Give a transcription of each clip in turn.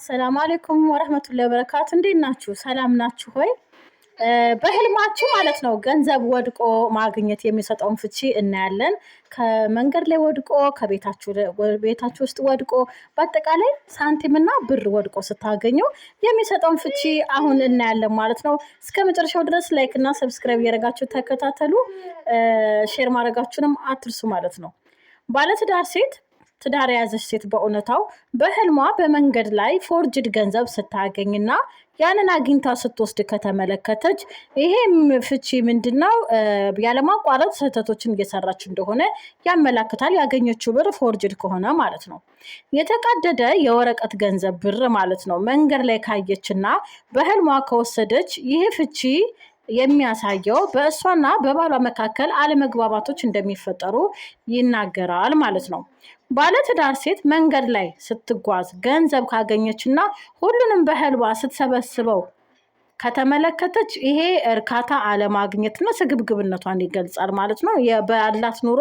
አሰላሙ አሌይኩም ወረህመቱላሂ ወበረካቱ። እንዴት ናችሁ? ሰላም ናችሁ ሆይ? በህልማችሁ ማለት ነው ገንዘብ ወድቆ ማግኘት የሚሰጠውን ፍቺ እናያለን። ከመንገድ ላይ ወድቆ ከቤታችሁ ውስጥ ወድቆ በአጠቃላይ ሳንቲምና ብር ወድቆ ስታገኙ የሚሰጠውን ፍቺ አሁን እናያለን ማለት ነው። እስከ መጨረሻው ድረስ ላይክ እና ሰብስክራይብ እያደረጋችሁ ተከታተሉ። ሼር ማድረጋችሁንም አትርሱ ማለት ነው። ባለትዳር ሴት ትዳር የያዘች ሴት በእውነታው በህልሟ በመንገድ ላይ ፎርጅድ ገንዘብ ስታገኝና ያንን አግኝታ ስትወስድ ከተመለከተች ይሄም ፍቺ ምንድነው? ያለማቋረጥ ስህተቶችን እየሰራች እንደሆነ ያመላክታል። ያገኘችው ብር ፎርጅድ ከሆነ ማለት ነው። የተቀደደ የወረቀት ገንዘብ ብር ማለት ነው። መንገድ ላይ ካየችና በህልሟ ከወሰደች ይሄ ፍቺ የሚያሳየው በእሷና በባሏ መካከል አለመግባባቶች እንደሚፈጠሩ ይናገራል ማለት ነው። ባለትዳር ሴት መንገድ ላይ ስትጓዝ ገንዘብ ካገኘችና ሁሉንም በህልዋ ስትሰበስበው ከተመለከተች ይሄ እርካታ አለማግኘትና ስግብግብነቷን ይገልጻል ማለት ነው። በአላት ኑሮ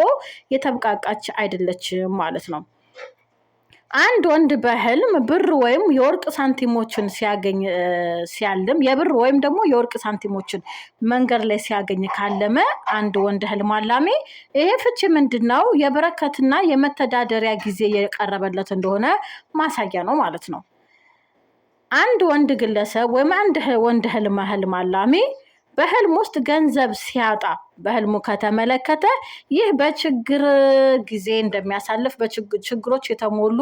የተብቃቃች አይደለችም ማለት ነው። አንድ ወንድ በህልም ብር ወይም የወርቅ ሳንቲሞችን ሲያገኝ ሲያልም የብር ወይም ደግሞ የወርቅ ሳንቲሞችን መንገድ ላይ ሲያገኝ ካለመ አንድ ወንድ ህልም አላሜ ይሄ ፍቺ ምንድን ነው? የበረከትና የመተዳደሪያ ጊዜ የቀረበለት እንደሆነ ማሳያ ነው ማለት ነው። አንድ ወንድ ግለሰብ ወይም አንድ ወንድ ህልም ህልም አላሜ በህልም ውስጥ ገንዘብ ሲያጣ በህልሙ ከተመለከተ ይህ በችግር ጊዜ እንደሚያሳልፍ በችግሮች የተሞሉ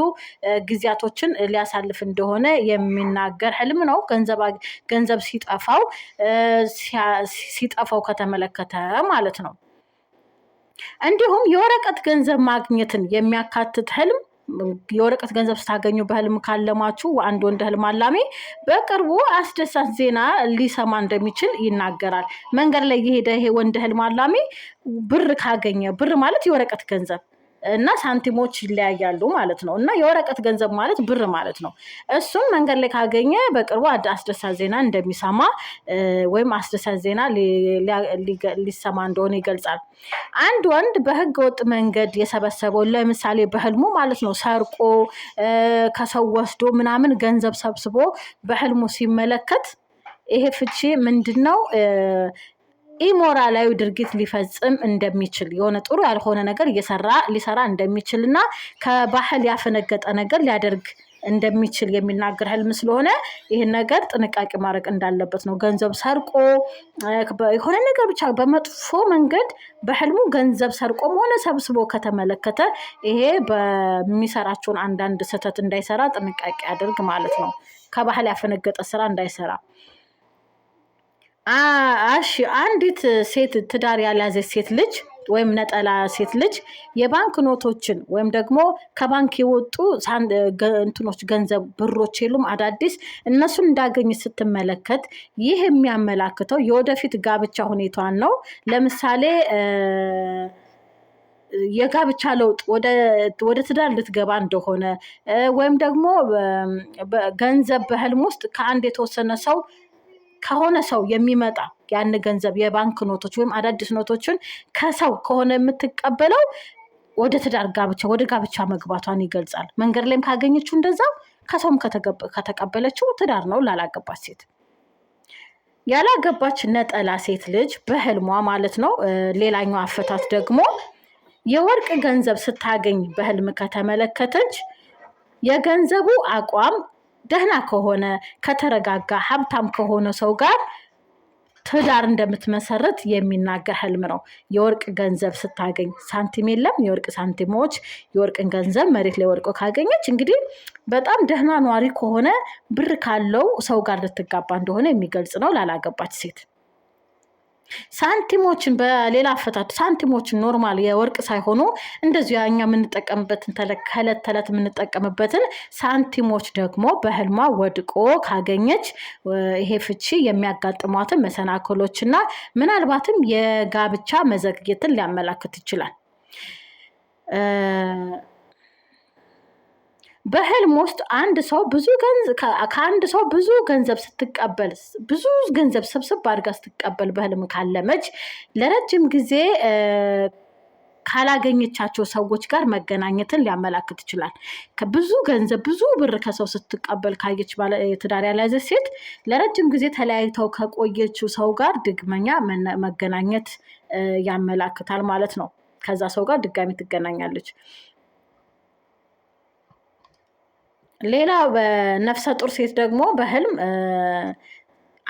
ጊዜያቶችን ሊያሳልፍ እንደሆነ የሚናገር ህልም ነው። ገንዘብ ሲጠፋው ሲጠፋው ከተመለከተ ማለት ነው። እንዲሁም የወረቀት ገንዘብ ማግኘትን የሚያካትት ህልም የወረቀት ገንዘብ ስታገኙ በህልም ካለማችሁ አንድ ወንድ ህልም አላሚ በቅርቡ አስደሳች ዜና ሊሰማ እንደሚችል ይናገራል። መንገድ ላይ የሄደ ይሄ ወንድ ህልም አላሚ ብር ካገኘ ብር ማለት የወረቀት ገንዘብ እና ሳንቲሞች ይለያያሉ ማለት ነው። እና የወረቀት ገንዘብ ማለት ብር ማለት ነው። እሱም መንገድ ላይ ካገኘ በቅርቡ አስደሳት ዜና እንደሚሰማ ወይም አስደሳት ዜና ሊሰማ እንደሆነ ይገልጻል። አንድ ወንድ በህገ ወጥ መንገድ የሰበሰበው ለምሳሌ በህልሙ ማለት ነው ሰርቆ ከሰው ወስዶ ምናምን ገንዘብ ሰብስቦ በህልሙ ሲመለከት ይሄ ፍቺ ምንድን ነው? ኢሞራላዊ ድርጊት ሊፈጽም እንደሚችል የሆነ ጥሩ ያልሆነ ነገር እየሰራ ሊሰራ እንደሚችል እና ከባህል ያፈነገጠ ነገር ሊያደርግ እንደሚችል የሚናገር ህልም ስለሆነ ይህን ነገር ጥንቃቄ ማድረግ እንዳለበት ነው። ገንዘብ ሰርቆ የሆነ ነገር ብቻ በመጥፎ መንገድ በህልሙ ገንዘብ ሰርቆም ሆነ ሰብስቦ ከተመለከተ ይሄ በሚሰራቸውን አንዳንድ ስህተት እንዳይሰራ ጥንቃቄ ያደርግ ማለት ነው። ከባህል ያፈነገጠ ስራ እንዳይሰራ እሺ አንዲት ሴት ትዳር ያልያዘች ሴት ልጅ ወይም ነጠላ ሴት ልጅ የባንክ ኖቶችን ወይም ደግሞ ከባንክ የወጡ እንትኖች ገንዘብ ብሮች የሉም አዳዲስ እነሱን እንዳገኝ ስትመለከት ይህ የሚያመላክተው የወደፊት ጋብቻ ሁኔታዋን ነው። ለምሳሌ የጋብቻ ለውጥ ወደ ትዳር ልትገባ እንደሆነ ወይም ደግሞ ገንዘብ በህልም ውስጥ ከአንድ የተወሰነ ሰው ከሆነ ሰው የሚመጣ ያን ገንዘብ የባንክ ኖቶች ወይም አዳዲስ ኖቶችን ከሰው ከሆነ የምትቀበለው ወደ ትዳር ጋብቻ ወደ ጋብቻ መግባቷን ይገልጻል። መንገድ ላይም ካገኘችው እንደዛ ከሰውም ከተቀበለችው ትዳር ነው ላላገባች ሴት። ያላገባች ነጠላ ሴት ልጅ በህልሟ ማለት ነው። ሌላኛው አፈታት ደግሞ የወርቅ ገንዘብ ስታገኝ በህልም ከተመለከተች የገንዘቡ አቋም ደህና ከሆነ ከተረጋጋ ሀብታም ከሆነ ሰው ጋር ትዳር እንደምትመሰረት የሚናገር ህልም ነው። የወርቅ ገንዘብ ስታገኝ ሳንቲም የለም። የወርቅ ሳንቲሞች የወርቅን ገንዘብ መሬት ላይ ወርቆ ካገኘች እንግዲህ በጣም ደህና ኗሪ ከሆነ ብር ካለው ሰው ጋር ልትጋባ እንደሆነ የሚገልጽ ነው ላላገባች ሴት ሳንቲሞችን በሌላ አፈታት ሳንቲሞችን ኖርማል የወርቅ ሳይሆኑ እንደዚሁ እኛ የምንጠቀምበትን ከዕለት ተዕለት የምንጠቀምበትን ሳንቲሞች ደግሞ በህልሟ ወድቆ ካገኘች ይሄ ፍቺ የሚያጋጥሟትን መሰናክሎች እና ምናልባትም የጋብቻ መዘግየትን ሊያመላክት ይችላል። በህልም ውስጥ አንድ ሰው ብዙ ከአንድ ሰው ብዙ ገንዘብ ስትቀበል ብዙ ገንዘብ ሰብሰብ አድርጋ ስትቀበል በህልም ካለመች ለረጅም ጊዜ ካላገኘቻቸው ሰዎች ጋር መገናኘትን ሊያመላክት ይችላል። ከብዙ ገንዘብ ብዙ ብር ከሰው ስትቀበል ካየች ትዳር ያለያዘ ሴት ለረጅም ጊዜ ተለያይተው ከቆየችው ሰው ጋር ድግመኛ መገናኘት ያመላክታል ማለት ነው። ከዛ ሰው ጋር ድጋሚ ትገናኛለች። ሌላ በነፍሰ ጡር ሴት ደግሞ በህልም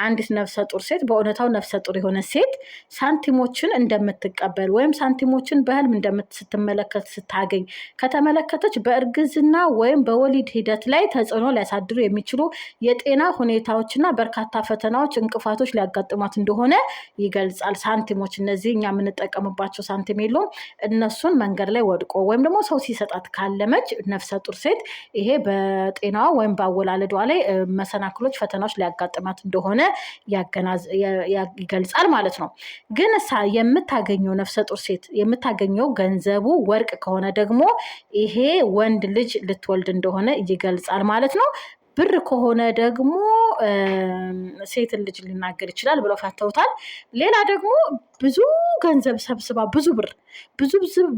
አንዲት ነፍሰ ጡር ሴት በእውነታው ነፍሰ ጡር የሆነ ሴት ሳንቲሞችን እንደምትቀበል ወይም ሳንቲሞችን በህልም እንደምትስትመለከት ስታገኝ ከተመለከተች በእርግዝና ወይም በወሊድ ሂደት ላይ ተጽዕኖ ሊያሳድሩ የሚችሉ የጤና ሁኔታዎችና በርካታ ፈተናዎች፣ እንቅፋቶች ሊያጋጥሟት እንደሆነ ይገልጻል። ሳንቲሞች እነዚህ እኛ የምንጠቀምባቸው ሳንቲም የለውም። እነሱን መንገድ ላይ ወድቆ ወይም ደግሞ ሰው ሲሰጣት ካለመች ነፍሰ ጡር ሴት ይሄ በጤናዋ ወይም በአወላለዷ ላይ መሰናክሎች፣ ፈተናዎች ሊያጋጥማት እንደሆነ ይገልጻል ማለት ነው። ግን እሳ የምታገኘው ነፍሰ ጡር ሴት የምታገኘው ገንዘቡ ወርቅ ከሆነ ደግሞ ይሄ ወንድ ልጅ ልትወልድ እንደሆነ ይገልጻል ማለት ነው። ብር ከሆነ ደግሞ ሴትን ልጅ ሊናገር ይችላል ብለው ፈተውታል። ሌላ ደግሞ ብዙ ገንዘብ ሰብስባ ብዙ ብር ብዙ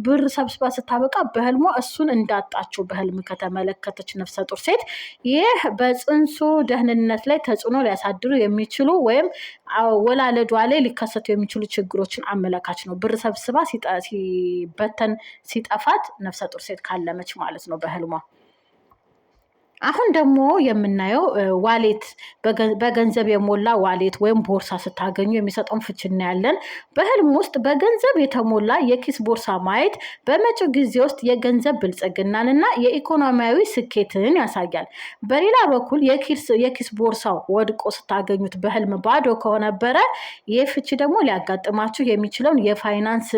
ብር ሰብስባ ስታበቃ በህልሞ እሱን እንዳጣችው በህልም ከተመለከተች ነፍሰ ጡር ሴት ይህ በፅንሱ ደህንነት ላይ ተጽዕኖ ሊያሳድሩ የሚችሉ ወይም ወላለዷ ላይ ሊከሰቱ የሚችሉ ችግሮችን አመላካች ነው። ብር ሰብስባ ሲበተን ሲጠፋት ነፍሰ ጡር ሴት ካለመች ማለት ነው በህልሟ አሁን ደግሞ የምናየው ዋሌት በገንዘብ የሞላ ዋሌት ወይም ቦርሳ ስታገኙ የሚሰጠውን ፍች እናያለን። በህልም ውስጥ በገንዘብ የተሞላ የኪስ ቦርሳ ማየት በመጪው ጊዜ ውስጥ የገንዘብ ብልጽግናን እና የኢኮኖሚያዊ ስኬትን ያሳያል። በሌላ በኩል የኪስ ቦርሳው ወድቆ ስታገኙት በህልም ባዶ ከሆነበረ ይህ ፍቺ ደግሞ ሊያጋጥማችሁ የሚችለውን የፋይናንስ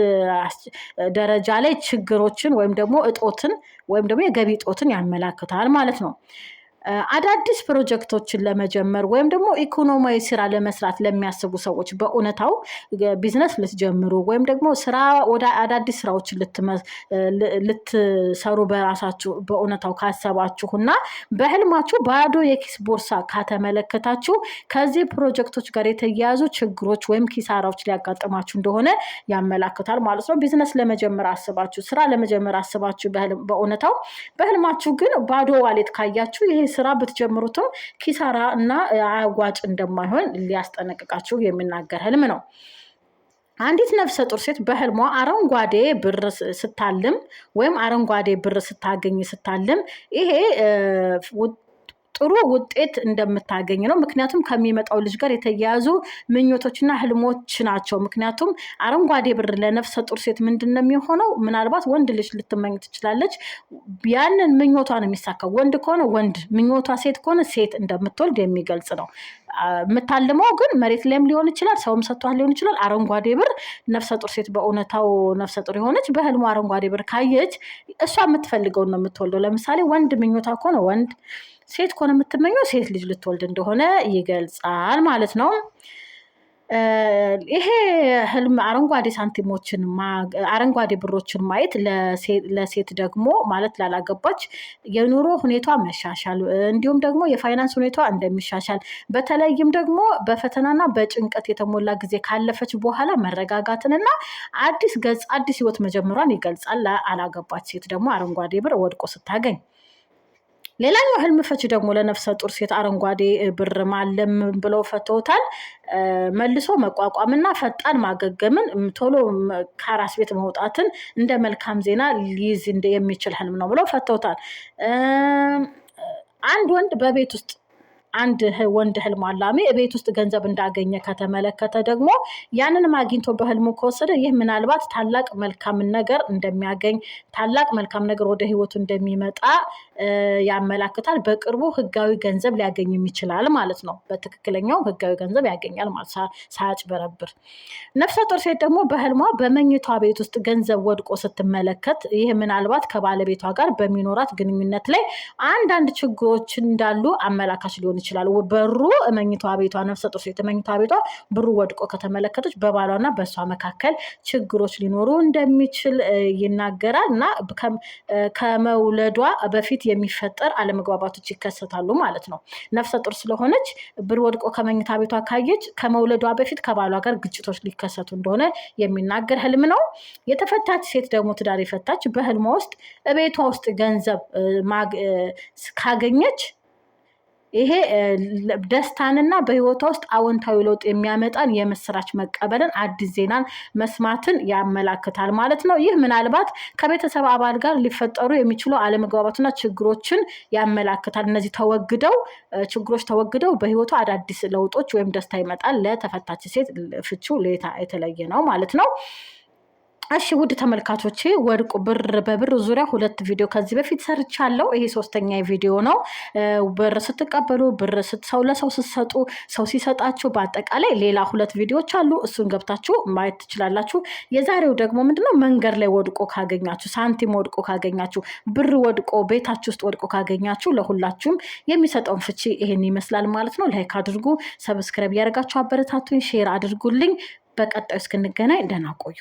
ደረጃ ላይ ችግሮችን ወይም ደግሞ እጦትን ወይም ደግሞ የገቢ እጦትን ያመላክታል ማለት ነው። አዳዲስ ፕሮጀክቶችን ለመጀመር ወይም ደግሞ ኢኮኖሚያዊ ስራ ለመስራት ለሚያስቡ ሰዎች በእውነታው ቢዝነስ ልትጀምሩ ወይም ደግሞ ስራ ወደ አዳዲስ ስራዎች ልትሰሩ በራሳችሁ በእውነታው ካሰባችሁ እና በህልማችሁ ባዶ የኪስ ቦርሳ ካተመለከታችሁ ከዚህ ፕሮጀክቶች ጋር የተያያዙ ችግሮች ወይም ኪሳራዎች ሊያጋጥማችሁ እንደሆነ ያመላክታል ማለት ነው። ቢዝነስ ለመጀመር አስባችሁ ስራ ለመጀመር አስባችሁ በእውነታው በህልማችሁ ግን ባዶ ዋሌት ካያችሁ ይሄ ስራ ብትጀምሩትም ኪሳራ እና አዋጭ እንደማይሆን ሊያስጠነቅቃችሁ የሚናገር ህልም ነው። አንዲት ነፍሰ ጡር ሴት በህልሟ አረንጓዴ ብር ስታልም ወይም አረንጓዴ ብር ስታገኝ ስታልም ይሄ ጥሩ ውጤት እንደምታገኝ ነው። ምክንያቱም ከሚመጣው ልጅ ጋር የተያያዙ ምኞቶችና ህልሞች ናቸው። ምክንያቱም አረንጓዴ ብር ለነፍሰ ጡር ሴት ምንድን ነው የሚሆነው? ምናልባት ወንድ ልጅ ልትመኝ ትችላለች። ያንን ምኞቷ ነው የሚሳካው። ወንድ ከሆነ ወንድ ምኞቷ፣ ሴት ከሆነ ሴት እንደምትወልድ የሚገልጽ ነው። የምታልመው ግን መሬት ላይም ሊሆን ይችላል፣ ሰውም ሰጥቷል ሊሆን ይችላል። አረንጓዴ ብር ነፍሰ ጡር ሴት በእውነታው ነፍሰ ጡር የሆነች በህልሙ አረንጓዴ ብር ካየች እሷ የምትፈልገውን ነው የምትወልደው። ለምሳሌ ወንድ ምኞቷ ከሆነ ወንድ ሴት ከሆነ የምትመኘው ሴት ልጅ ልትወልድ እንደሆነ ይገልጻል ማለት ነው። ይሄ ህልም አረንጓዴ ሳንቲሞችን አረንጓዴ ብሮችን ማየት ለሴት ደግሞ ማለት ላላገባች የኑሮ ሁኔታ መሻሻል እንዲሁም ደግሞ የፋይናንስ ሁኔታ እንደሚሻሻል በተለይም ደግሞ በፈተናና በጭንቀት የተሞላ ጊዜ ካለፈች በኋላ መረጋጋትንና አዲስ ገጽ አዲስ ህይወት መጀመሯን ይገልጻል። ለአላገባች ሴት ደግሞ አረንጓዴ ብር ወድቆ ስታገኝ ሌላኛው ህልም ፈቺ ደግሞ ለነፍሰ ጡር ሴት አረንጓዴ ብር ማለም ብለው ፈተውታል። መልሶ መቋቋምና ፈጣን ማገገምን ቶሎ ከአራስ ቤት መውጣትን እንደ መልካም ዜና ሊይዝ የሚችል ህልም ነው ብለው ፈተውታል። አንድ ወንድ በቤት ውስጥ አንድ ወንድ ህልም አላሚ ቤት ውስጥ ገንዘብ እንዳገኘ ከተመለከተ ደግሞ ያንንም አግኝቶ በህልሙ ከወሰደ ይህ ምናልባት ታላቅ መልካም ነገር እንደሚያገኝ ታላቅ መልካም ነገር ወደ ህይወቱ እንደሚመጣ ያመላክታል። በቅርቡ ህጋዊ ገንዘብ ሊያገኝም ይችላል ማለት ነው። በትክክለኛው ህጋዊ ገንዘብ ያገኛል ማለት ሳያጭበረብር። ነፍሰ ጡር ሴት ደግሞ በህልሟ በመኝቷ ቤት ውስጥ ገንዘብ ወድቆ ስትመለከት ይህ ምናልባት ከባለቤቷ ጋር በሚኖራት ግንኙነት ላይ አንዳንድ ችግሮች እንዳሉ አመላካች ሊሆን ይችላል። በሩ መኝቷ ቤቷ ነፍሰ ጡር ሴት መኝቷ ቤቷ ብሩ ወድቆ ከተመለከተች በባሏና በእሷ መካከል ችግሮች ሊኖሩ እንደሚችል ይናገራል እና ከመውለዷ በፊት የሚፈጠር አለመግባባቶች ይከሰታሉ ማለት ነው። ነፍሰ ጡር ስለሆነች ብር ወድቆ ከመኝታ ቤቷ ካየች ከመውለዷ በፊት ከባሏ ጋር ግጭቶች ሊከሰቱ እንደሆነ የሚናገር ህልም ነው። የተፈታች ሴት ደግሞ ትዳር የፈታች በህልሟ ውስጥ እቤቷ ውስጥ ገንዘብ ካገኘች ይሄ ደስታንና በህይወቷ ውስጥ አዎንታዊ ለውጥ የሚያመጣን የምስራች መቀበልን አዲስ ዜናን መስማትን ያመላክታል ማለት ነው። ይህ ምናልባት ከቤተሰብ አባል ጋር ሊፈጠሩ የሚችሉ አለመግባባትና ችግሮችን ያመላክታል። እነዚህ ተወግደው ችግሮች ተወግደው በህይወቷ አዳዲስ ለውጦች ወይም ደስታ ይመጣል። ለተፈታች ሴት ፍቺው የተለየ ነው ማለት ነው። እሺ ውድ ተመልካቾቼ ወርቁ ብር በብር ዙሪያ ሁለት ቪዲዮ ከዚህ በፊት ሰርቻለሁ። ይሄ ሶስተኛ ቪዲዮ ነው። ብር ስትቀበሉ፣ ብር ሰው ለሰው ስትሰጡ፣ ሰው ሲሰጣችሁ፣ በአጠቃላይ ሌላ ሁለት ቪዲዮዎች አሉ። እሱን ገብታችሁ ማየት ትችላላችሁ። የዛሬው ደግሞ ምንድነው መንገድ ላይ ወድቆ ካገኛችሁ፣ ሳንቲም ወድቆ ካገኛችሁ፣ ብር ወድቆ ቤታችሁ ውስጥ ወድቆ ካገኛችሁ ለሁላችሁም የሚሰጠውን ፍቺ ይሄን ይመስላል ማለት ነው። ላይክ አድርጉ፣ ሰብስክራይብ ያደርጋችሁ፣ አበረታቱኝ፣ ሼር አድርጉልኝ። በቀጣዩ እስክንገናኝ ደህና ቆዩ።